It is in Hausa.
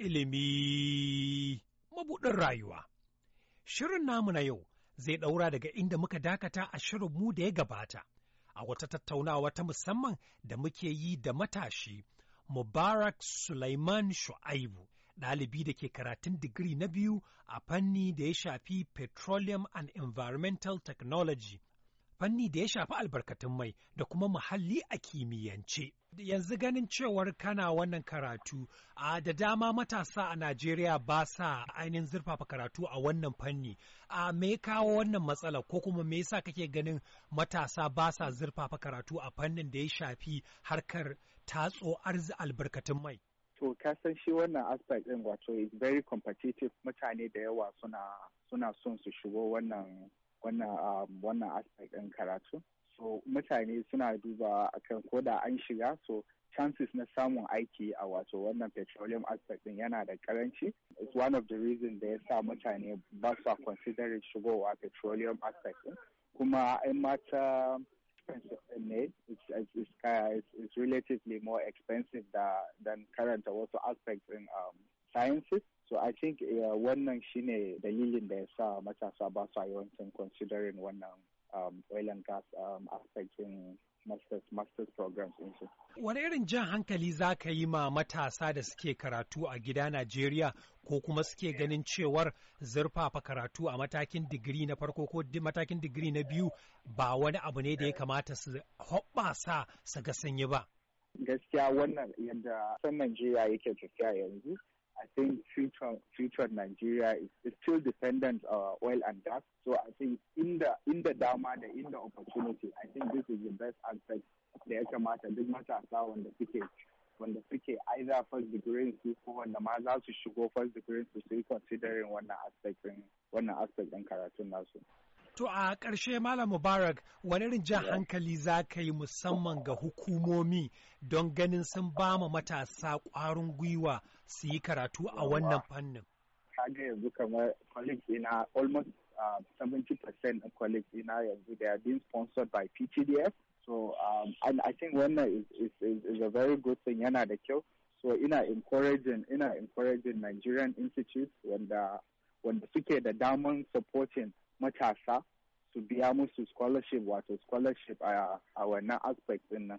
ilimi mabuɗin rayuwa. Shirin namu na yau zai ɗaura daga inda muka dakata a shirin mu da ya gabata, a wata tattaunawa ta musamman da muke yi da matashi Mubarak Sulaiman Shu'aibu, ɗalibi da ke karatun digiri na biyu a fanni da ya shafi Petroleum and Environmental Technology fanni da ya shafi albarkatun mai da kuma muhalli a kimiyyance. Yanzu ganin cewar kana wannan karatu a da dama matasa a Najeriya ba sa ainihin zurfafa karatu a wannan fanni. A me kawo wannan matsala ko kuma me yasa kake ganin matasa ba sa zurfafa karatu a fannin da ya shafi harkar tatso arzi albarkatun mai? to ka san shi wannan aspect ɗin wato is very competitive mutane da yawa suna suna son su shigo wannan Um, wannan aspect ɗin karatu so mutane suna duba akan ko da an shiga so chances na samun aiki a wato wannan petroleum aspect din yana da karanci it's one of the reasons da ya sa mutane ba su considering shigowa petroleum aspect din kuma in mata ne it's, uh, it's, it's, relatively more expensive da, than karanta wasu aspect din um, sciences so i think uh, wannan shine dalilin da ya sa matasa ba sa yawancin considering wannan um, oil and gas um, aspect in masters, masters programs su Wani irin jan hankali za ka yi ma matasa da suke karatu a gida Najeriya ko kuma suke ganin cewar zurfafa karatu a matakin digiri na farko ko matakin digiri na biyu ba wani abu ne da ya kamata su hoɓɓasa su ga sanyi ba. Gaskiya wannan yadda san Najeriya yake tafiya yanzu I think future future Nigeria is, is still dependent on uh, oil and gas. So I think in the in the dama the in the opportunity, I think this is the best aspect The extra da ya kamata on the wanda When the suke either first degree su or the ma za should go first degree in su considering one aspect one aspect and karatun nasu. To a karshe Malam Mubarak wani rinjin hankali za ka yi musamman ga hukumomi don ganin sun ba ma matasa ƙwarin gwiwa su yi karatu a wannan fannin. Kage yanzu kamar college ina almost 70% um, of college ina yanzu they are being sponsored by PTDF. So um, and I think wannan is, is, is, is a very good thing yana da kyau. So ina encouraging ina encouraging Nigerian institutes wanda wanda suke da daman supporting matasa su biya musu scholarship wato scholarship a wannan aspect din nan